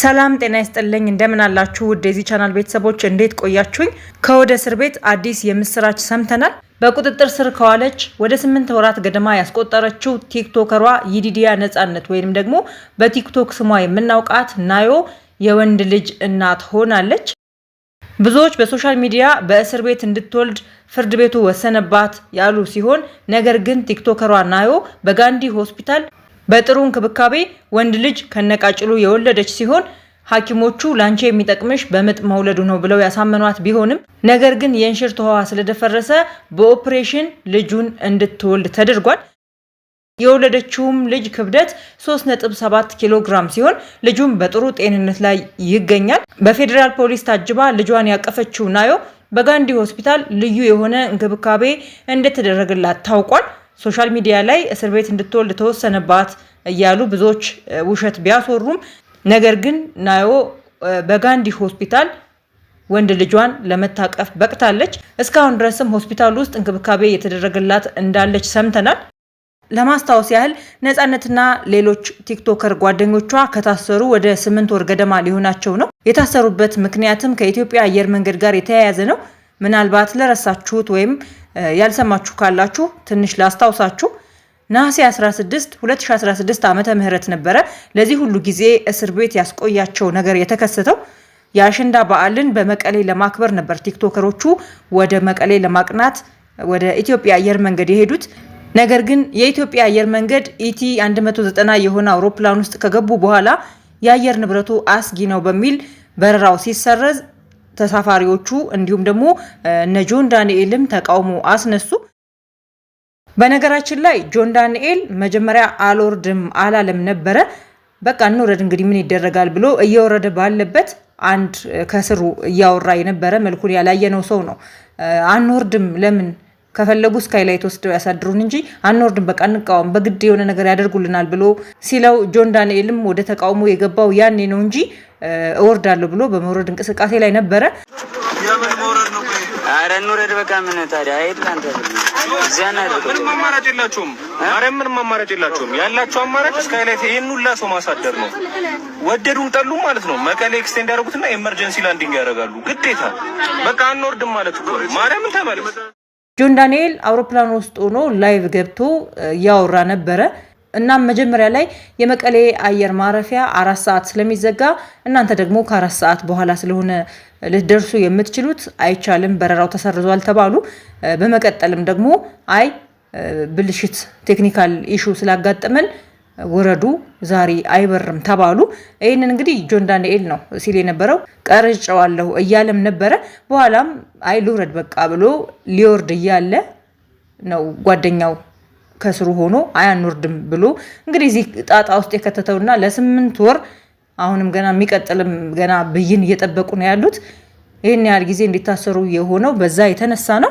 ሰላም ጤና ይስጥልኝ። እንደምን አላችሁ ውድ የዚህ ቻናል ቤተሰቦች፣ እንዴት ቆያችሁኝ? ከወደ እስር ቤት አዲስ የምስራች ሰምተናል። በቁጥጥር ስር ከዋለች ወደ ስምንት ወራት ገደማ ያስቆጠረችው ቲክቶከሯ ይዲዲያ ነጻነት ወይም ደግሞ በቲክቶክ ስሟ የምናውቃት ናዮ የወንድ ልጅ እናት ሆናለች። ብዙዎች በሶሻል ሚዲያ በእስር ቤት እንድትወልድ ፍርድ ቤቱ ወሰነባት ያሉ ሲሆን ነገር ግን ቲክቶከሯ ናዮ በጋንዲ ሆስፒታል በጥሩ እንክብካቤ ወንድ ልጅ ከነቃጭሉ የወለደች ሲሆን ሐኪሞቹ ላንቺ የሚጠቅምሽ በምጥ መውለዱ ነው ብለው ያሳመኗት ቢሆንም ነገር ግን የእንሽርት ውሃ ስለደፈረሰ በኦፕሬሽን ልጁን እንድትወልድ ተደርጓል። የወለደችውም ልጅ ክብደት 3.7 ኪሎ ግራም ሲሆን ልጁም በጥሩ ጤንነት ላይ ይገኛል። በፌዴራል ፖሊስ ታጅባ ልጇን ያቀፈችው ናዮ በጋንዲ ሆስፒታል ልዩ የሆነ እንክብካቤ እንደተደረገላት ታውቋል። ሶሻል ሚዲያ ላይ እስር ቤት እንድትወልድ ተወሰነባት እያሉ ብዙዎች ውሸት ቢያስወሩም ነገር ግን ናዮ በጋንዲ ሆስፒታል ወንድ ልጇን ለመታቀፍ በቅታለች። እስካሁን ድረስም ሆስፒታል ውስጥ እንክብካቤ እየተደረገላት እንዳለች ሰምተናል። ለማስታወስ ያህል ነፃነትና ሌሎች ቲክቶከር ጓደኞቿ ከታሰሩ ወደ ስምንት ወር ገደማ ሊሆናቸው ነው። የታሰሩበት ምክንያትም ከኢትዮጵያ አየር መንገድ ጋር የተያያዘ ነው። ምናልባት ለረሳችሁት ወይም ያልሰማችሁ ካላችሁ ትንሽ ላስታውሳችሁ። ነሐሴ 16 2016 ዓመተ ምህረት ነበረ ለዚህ ሁሉ ጊዜ እስር ቤት ያስቆያቸው ነገር የተከሰተው። የአሸንዳ በዓልን በመቀሌ ለማክበር ነበር ቲክቶከሮቹ ወደ መቀሌ ለማቅናት ወደ ኢትዮጵያ አየር መንገድ የሄዱት። ነገር ግን የኢትዮጵያ አየር መንገድ ኢቲ 190 የሆነ አውሮፕላን ውስጥ ከገቡ በኋላ የአየር ንብረቱ አስጊ ነው በሚል በረራው ሲሰረዝ ተሳፋሪዎቹ እንዲሁም ደግሞ እነ ጆን ዳንኤልም ተቃውሞ አስነሱ። በነገራችን ላይ ጆን ዳንኤል መጀመሪያ አልወርድም አላለም ነበረ። በቃ እንውረድ እንግዲህ ምን ይደረጋል ብሎ እየወረደ ባለበት አንድ ከስሩ እያወራ የነበረ መልኩን ያላየነው ሰው ነው። አንወርድም ለምን ከፈለጉ ስካይ ላይት ወስደው ያሳድሩን እንጂ አንወርድም፣ በቃ እንቃወም፣ በግድ የሆነ ነገር ያደርጉልናል ብሎ ሲለው ጆን ዳንኤልም ወደ ተቃውሞ የገባው ያኔ ነው እንጂ እወርዳለሁ ብሎ በመውረድ እንቅስቃሴ ላይ ነበረ። አረ እንውረድ በቃ ምን ታዲያ አይላንተ ምንም አማራጭ የላችሁም። አረ ምንም አማራጭ የላችሁም። ያላችሁ አማራጭ ስካይላይት ይህን ሁላ ሰው ማሳደር ነው። ወደዱም ጠሉ ማለት ነው። መቀሌ ኤክስቴንድ ያደረጉትና ኤመርጀንሲ ላንዲንግ ያደርጋሉ። ግዴታ በቃ አንወርድም ማለት ነው። ማርያምን ተመለስ ጆን ዳንኤል አውሮፕላን ውስጥ ሆኖ ላይቭ ገብቶ እያወራ ነበረ። እናም መጀመሪያ ላይ የመቀሌ አየር ማረፊያ አራት ሰዓት ስለሚዘጋ እናንተ ደግሞ ከአራት ሰዓት በኋላ ስለሆነ ልትደርሱ የምትችሉት አይቻልም፣ በረራው ተሰርዟል ተባሉ። በመቀጠልም ደግሞ አይ ብልሽት ቴክኒካል ኢሹ ስላጋጠመን ውረዱ ዛሬ አይበርም ተባሉ። ይህንን እንግዲህ ጆን ዳንኤል ነው ሲል የነበረው ቀርጨዋለሁ እያለም ነበረ። በኋላም አይ ልውረድ በቃ ብሎ ሊወርድ እያለ ነው ጓደኛው ከስሩ ሆኖ አያኑርድም ብሎ እንግዲህ እዚህ ጣጣ ውስጥ የከተተውና ለስምንት ወር አሁንም ገና የሚቀጥልም ገና ብይን እየጠበቁ ነው ያሉት። ይህን ያህል ጊዜ እንዲታሰሩ የሆነው በዛ የተነሳ ነው።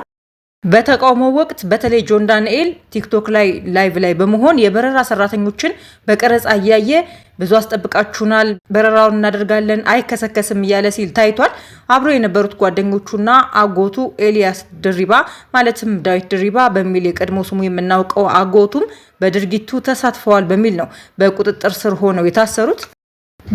በተቃውሞ ወቅት በተለይ ጆን ዳንኤል ቲክቶክ ላይ ላይቭ ላይ በመሆን የበረራ ሰራተኞችን በቀረጻ እያየ ብዙ አስጠብቃችሁናል፣ በረራውን እናደርጋለን፣ አይከሰከስም እያለ ሲል ታይቷል። አብሮ የነበሩት ጓደኞቹና አጎቱ ኤልያስ ድሪባ ማለትም ዳዊት ድሪባ በሚል የቀድሞ ስሙ የምናውቀው አጎቱም በድርጊቱ ተሳትፈዋል በሚል ነው በቁጥጥር ስር ሆነው የታሰሩት።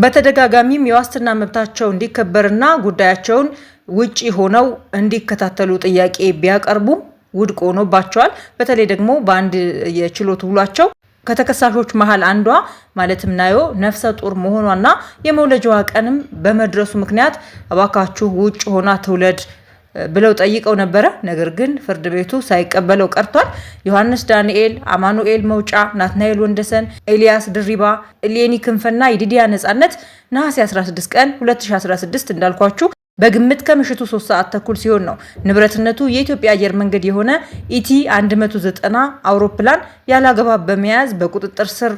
በተደጋጋሚም የዋስትና መብታቸው እንዲከበርና ጉዳያቸውን ውጪ ሆነው እንዲከታተሉ ጥያቄ ቢያቀርቡም ውድቅ ሆኖባቸዋል። በተለይ ደግሞ በአንድ የችሎት ውሏቸው ከተከሳሾች መሀል አንዷ ማለትም ናዮ ነፍሰ ጡር መሆኗና የመውለጃዋ ቀንም በመድረሱ ምክንያት እባካችሁ ውጭ ሆና ትውለድ ብለው ጠይቀው ነበረ። ነገር ግን ፍርድ ቤቱ ሳይቀበለው ቀርቷል። ዮሐንስ ዳንኤል፣ አማኑኤል መውጫ፣ ናትናኤል ወንደሰን፣ ኤልያስ ድሪባ፣ ሌኒ ክንፈና የዲዲያ ነጻነት ነሐሴ 16 ቀን 2016 እንዳልኳችሁ በግምት ከምሽቱ ሶስት ሰዓት ተኩል ሲሆን ነው ንብረትነቱ የኢትዮጵያ አየር መንገድ የሆነ ኢቲ 190 አውሮፕላን ያላግባብ በመያዝ በቁጥጥር ስር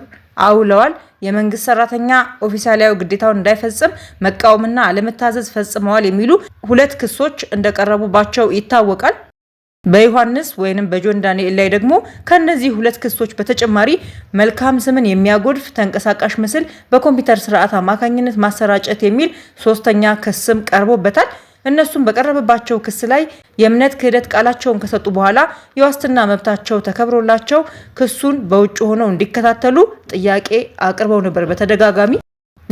አውለዋል። የመንግስት ሰራተኛ ኦፊሳላዊ ግዴታውን እንዳይፈጽም መቃወምና አለመታዘዝ ፈጽመዋል የሚሉ ሁለት ክሶች እንደቀረቡባቸው ይታወቃል። በዮሐንስ ወይንም በጆን ዳንኤል ላይ ደግሞ ከነዚህ ሁለት ክሶች በተጨማሪ መልካም ስምን የሚያጎድፍ ተንቀሳቃሽ ምስል በኮምፒውተር ስርዓት አማካኝነት ማሰራጨት የሚል ሶስተኛ ክስም ቀርቦበታል። እነሱም በቀረበባቸው ክስ ላይ የእምነት ክህደት ቃላቸውን ከሰጡ በኋላ የዋስትና መብታቸው ተከብሮላቸው ክሱን በውጭ ሆነው እንዲከታተሉ ጥያቄ አቅርበው ነበር በተደጋጋሚ።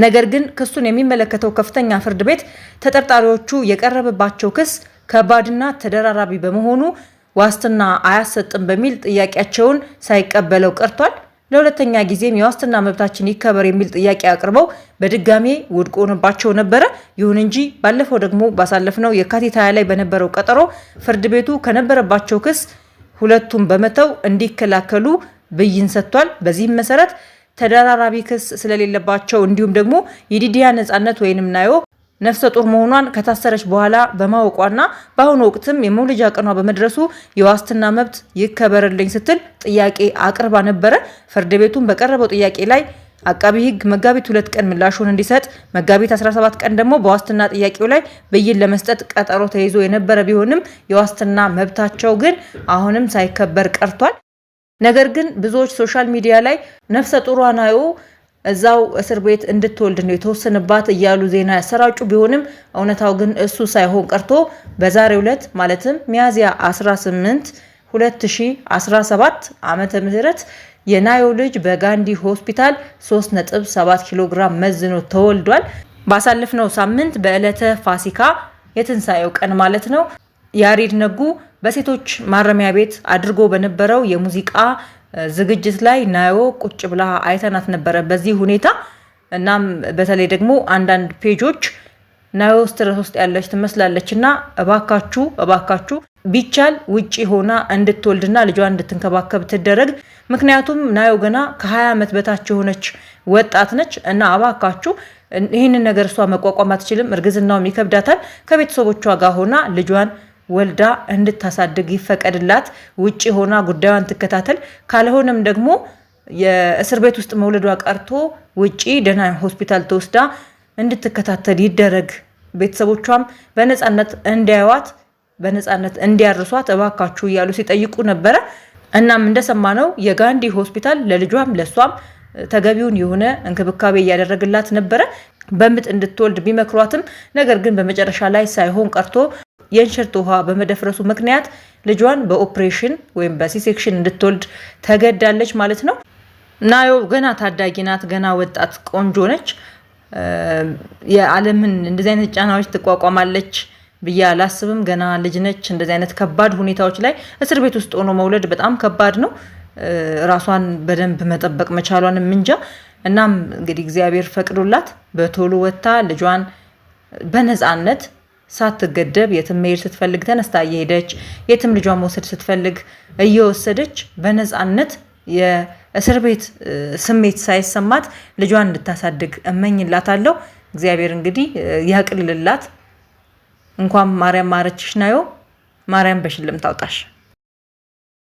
ነገር ግን ክሱን የሚመለከተው ከፍተኛ ፍርድ ቤት ተጠርጣሪዎቹ የቀረበባቸው ክስ ከባድና ተደራራቢ በመሆኑ ዋስትና አያሰጥም በሚል ጥያቄያቸውን ሳይቀበለው ቀርቷል። ለሁለተኛ ጊዜም የዋስትና መብታችን ይከበር የሚል ጥያቄ አቅርበው በድጋሜ ውድቅ ሆነባቸው ነበረ። ይሁን እንጂ ባለፈው ደግሞ ባሳለፍነው የካቲት ሃያ ላይ በነበረው ቀጠሮ ፍርድ ቤቱ ከነበረባቸው ክስ ሁለቱም በመተው እንዲከላከሉ ብይን ሰጥቷል። በዚህም መሰረት ተደራራቢ ክስ ስለሌለባቸው እንዲሁም ደግሞ የዲዲያ ነጻነት ወይንም ናዮ ነፍሰ ጡር መሆኗን ከታሰረች በኋላ በማወቋና በአሁኑ ወቅትም የመውለጃ ቀኗ በመድረሱ የዋስትና መብት ይከበርልኝ ስትል ጥያቄ አቅርባ ነበረ። ፍርድ ቤቱም በቀረበው ጥያቄ ላይ አቃቢ ሕግ መጋቢት ሁለት ቀን ምላሹን እንዲሰጥ መጋቢት 17 ቀን ደግሞ በዋስትና ጥያቄው ላይ ብይን ለመስጠት ቀጠሮ ተይዞ የነበረ ቢሆንም የዋስትና መብታቸው ግን አሁንም ሳይከበር ቀርቷል። ነገር ግን ብዙዎች ሶሻል ሚዲያ ላይ ነፍሰ ጡሯ ናዩ እዛው እስር ቤት እንድትወልድ ነው የተወሰነባት እያሉ ዜና ያሰራጩ ቢሆንም እውነታው ግን እሱ ሳይሆን ቀርቶ በዛሬው ዕለት ማለትም ሚያዝያ 18 2017 ዓመተ ምህረት የናዮ ልጅ በጋንዲ ሆስፒታል 3.7 ኪሎ ግራም መዝኖ ተወልዷል። ባሳለፍነው ሳምንት በዕለተ ፋሲካ የትንሣኤው ቀን ማለት ነው ያሬድ ነጉ በሴቶች ማረሚያ ቤት አድርጎ በነበረው የሙዚቃ ዝግጅት ላይ ናዮ ቁጭ ብላ አይተናት ነበረ በዚህ ሁኔታ። እናም በተለይ ደግሞ አንዳንድ ፔጆች ናዮ ስትረስ ውስጥ ያለች ትመስላለች እና እባካችሁ እባካችሁ ቢቻል ውጪ ሆና እንድትወልድና ልጇ እንድትንከባከብ ትደረግ። ምክንያቱም ናዮ ገና ከ20 ዓመት በታች የሆነች ወጣት ነች እና እባካችሁ ይህንን ነገር እሷ መቋቋም አትችልም፣ እርግዝናውም ይከብዳታል። ከቤተሰቦቿ ጋር ሆና ልጇን ወልዳ እንድታሳድግ ይፈቀድላት፣ ውጭ ሆና ጉዳዩን ትከታተል። ካልሆነም ደግሞ የእስር ቤት ውስጥ መውለዷ ቀርቶ ውጪ ደህና ሆስፒታል ተወስዳ እንድትከታተል ይደረግ። ቤተሰቦቿም በነፃነት እንዲያዩዋት፣ በነፃነት እንዲያርሷት እባካችሁ እያሉ ሲጠይቁ ነበረ። እናም እንደሰማነው የጋንዲ ሆስፒታል ለልጇም ለእሷም ተገቢውን የሆነ እንክብካቤ እያደረግላት ነበረ። በምጥ እንድትወልድ ቢመክሯትም ነገር ግን በመጨረሻ ላይ ሳይሆን ቀርቶ የእንሽርት ውሃ በመደፍረሱ ምክንያት ልጇን በኦፕሬሽን ወይም በሲሴክሽን እንድትወልድ ተገዳለች ማለት ነው። ናዮ ገና ታዳጊ ናት። ገና ወጣት ቆንጆ ነች። የዓለምን እንደዚህ አይነት ጫናዎች ትቋቋማለች ብዬ አላስብም። ገና ልጅ ነች። እንደዚህ አይነት ከባድ ሁኔታዎች ላይ እስር ቤት ውስጥ ሆኖ መውለድ በጣም ከባድ ነው። ራሷን በደንብ መጠበቅ መቻሏንም እንጃ። እናም እንግዲህ እግዚአብሔር ፈቅዶላት በቶሎ ወጥታ ልጇን በነፃነት ሳትገደብ የትም መሄድ ስትፈልግ ተነስታ እየሄደች የትም ልጇን መውሰድ ስትፈልግ እየወሰደች በነፃነት የእስር ቤት ስሜት ሳይሰማት ልጇን እንድታሳድግ እመኝላታለሁ። እግዚአብሔር እንግዲህ ያቅልልላት። እንኳን ማርያም ማረችሽ ናዮ፣ ማርያም በሽልም ታውጣሽ።